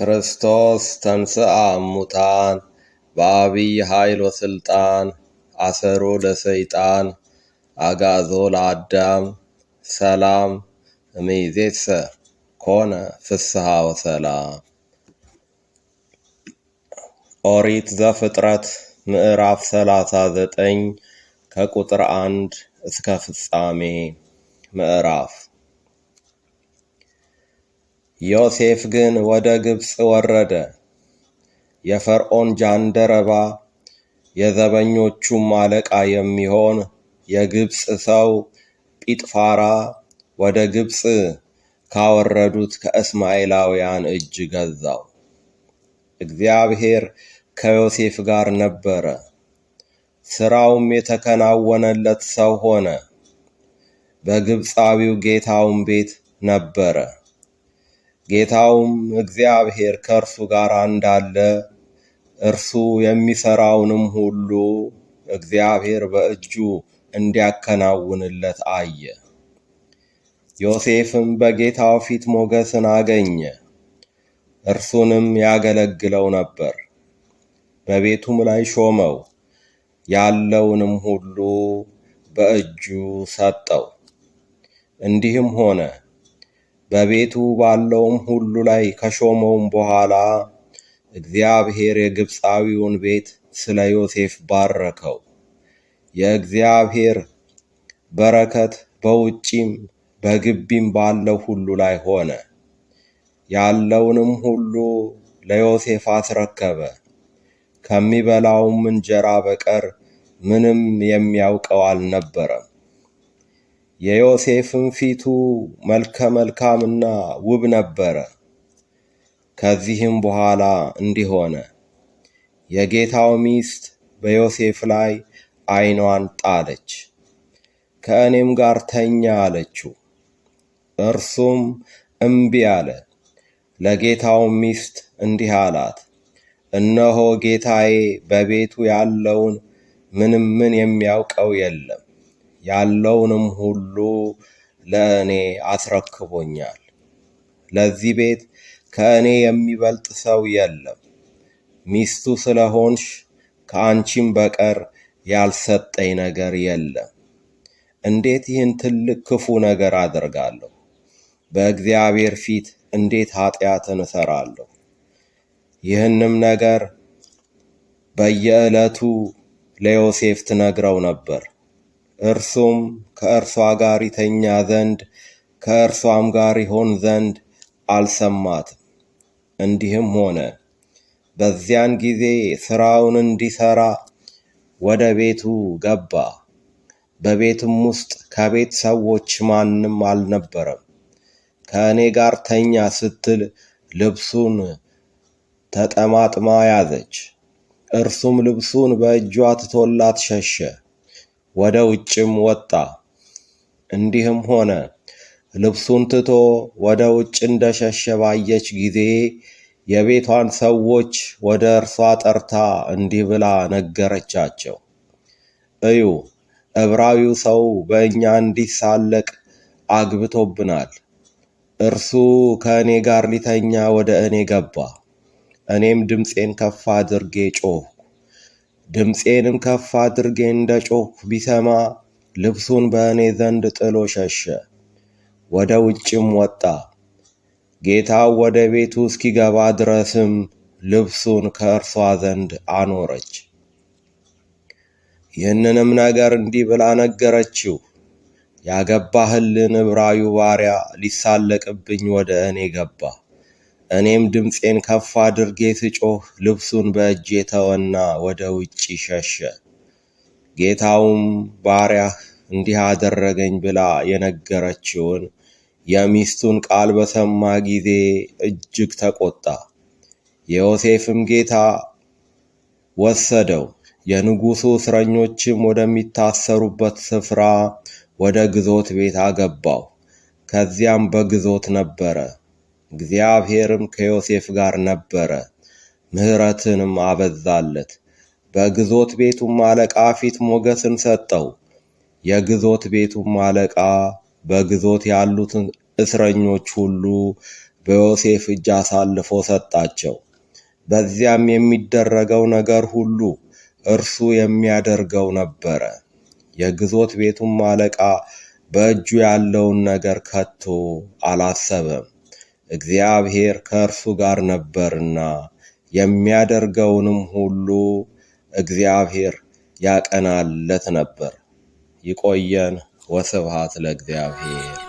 ክርስቶስ ተንስአ እሙታን በአቢይ ኃይል ስልጣን አሰሮ ለሰይጣን አጋዞ ለአዳም ሰላም እምይእዜሰ ኮነ ፍስሐ ወሰላም። ኦሪት ዘፍጥረት ምዕራፍ 39 ከቁጥር 1 እስከ ፍጻሜ ምዕራፍ። ዮሴፍ ግን ወደ ግብፅ ወረደ። የፈርዖን ጃንደረባ የዘበኞቹም አለቃ የሚሆን የግብፅ ሰው ጲጥፋራ ወደ ግብፅ ካወረዱት ከእስማኤላውያን እጅ ገዛው። እግዚአብሔር ከዮሴፍ ጋር ነበረ፣ ሥራውም የተከናወነለት ሰው ሆነ። በግብፃዊው ጌታውም ቤት ነበረ። ጌታውም እግዚአብሔር ከእርሱ ጋር እንዳለ እርሱ የሚሰራውንም ሁሉ እግዚአብሔር በእጁ እንዲያከናውንለት አየ። ዮሴፍም በጌታው ፊት ሞገስን አገኘ፣ እርሱንም ያገለግለው ነበር። በቤቱም ላይ ሾመው፣ ያለውንም ሁሉ በእጁ ሰጠው። እንዲህም ሆነ በቤቱ ባለውም ሁሉ ላይ ከሾመውም በኋላ እግዚአብሔር የግብፃዊውን ቤት ስለ ዮሴፍ ባረከው። የእግዚአብሔር በረከት በውጪም በግቢም ባለው ሁሉ ላይ ሆነ። ያለውንም ሁሉ ለዮሴፍ አስረከበ። ከሚበላውም እንጀራ በቀር ምንም የሚያውቀው አልነበረም። የዮሴፍም ፊቱ መልከ መልካምና ውብ ነበረ። ከዚህም በኋላ እንዲህ ሆነ፣ የጌታው ሚስት በዮሴፍ ላይ ዓይኗን ጣለች። ከእኔም ጋር ተኛ አለችው። እርሱም እምቢ አለ። ለጌታው ሚስት እንዲህ አላት፣ እነሆ ጌታዬ በቤቱ ያለውን ምንም ምን የሚያውቀው የለም ያለውንም ሁሉ ለእኔ አስረክቦኛል። ለዚህ ቤት ከእኔ የሚበልጥ ሰው የለም። ሚስቱ ስለሆንሽ ከአንቺም በቀር ያልሰጠኝ ነገር የለም። እንዴት ይህን ትልቅ ክፉ ነገር አደርጋለሁ? በእግዚአብሔር ፊት እንዴት ኃጢአትን እሰራለሁ? ይህንም ነገር በየዕለቱ ለዮሴፍ ትነግረው ነበር። እርሱም ከእርሷ ጋር ይተኛ ዘንድ ከእርሷም ጋር ይሆን ዘንድ አልሰማትም። እንዲህም ሆነ፣ በዚያን ጊዜ ሥራውን እንዲሠራ ወደ ቤቱ ገባ። በቤትም ውስጥ ከቤት ሰዎች ማንም አልነበረም። ከእኔ ጋር ተኛ ስትል ልብሱን ተጠማጥማ ያዘች። እርሱም ልብሱን በእጇ ትቶላት ሸሸ። ወደ ውጭም ወጣ። እንዲህም ሆነ ልብሱን ትቶ ወደ ውጭ እንደሸሸ ባየች ጊዜ የቤቷን ሰዎች ወደ እርሷ ጠርታ እንዲህ ብላ ነገረቻቸው። እዩ፣ ዕብራዊው ሰው በእኛ እንዲሳለቅ አግብቶብናል። እርሱ ከእኔ ጋር ሊተኛ ወደ እኔ ገባ። እኔም ድምፄን ከፍ አድርጌ ጮህ ድምፄንም ከፍ አድርጌ እንደ ጮኽ ቢሰማ ልብሱን በእኔ ዘንድ ጥሎ ሸሸ፣ ወደ ውጭም ወጣ። ጌታው ወደ ቤቱ እስኪገባ ድረስም ልብሱን ከእርሷ ዘንድ አኖረች። ይህንንም ነገር እንዲህ ብላ ነገረችው፣ ያገባህልን ብራዩ ባሪያ ሊሳለቅብኝ ወደ እኔ ገባ። እኔም ድምፄን ከፍ አድርጌ ስጮህ ልብሱን በእጄ ተወና ወደ ውጭ ሸሸ። ጌታውም ባሪያህ እንዲህ አደረገኝ ብላ የነገረችውን የሚስቱን ቃል በሰማ ጊዜ እጅግ ተቆጣ። የዮሴፍም ጌታ ወሰደው፣ የንጉሡ እስረኞችም ወደሚታሰሩበት ስፍራ ወደ ግዞት ቤት አገባው። ከዚያም በግዞት ነበረ። እግዚአብሔርም ከዮሴፍ ጋር ነበረ፣ ምሕረትንም አበዛለት። በግዞት ቤቱም አለቃ ፊት ሞገስን ሰጠው። የግዞት ቤቱም አለቃ በግዞት ያሉትን እስረኞች ሁሉ በዮሴፍ እጅ አሳልፎ ሰጣቸው። በዚያም የሚደረገው ነገር ሁሉ እርሱ የሚያደርገው ነበረ። የግዞት ቤቱም አለቃ በእጁ ያለውን ነገር ከቶ አላሰበም። እግዚአብሔር ከእርሱ ጋር ነበርና የሚያደርገውንም ሁሉ እግዚአብሔር ያቀናለት ነበር። ይቆየን። ወስብሃት ለእግዚአብሔር።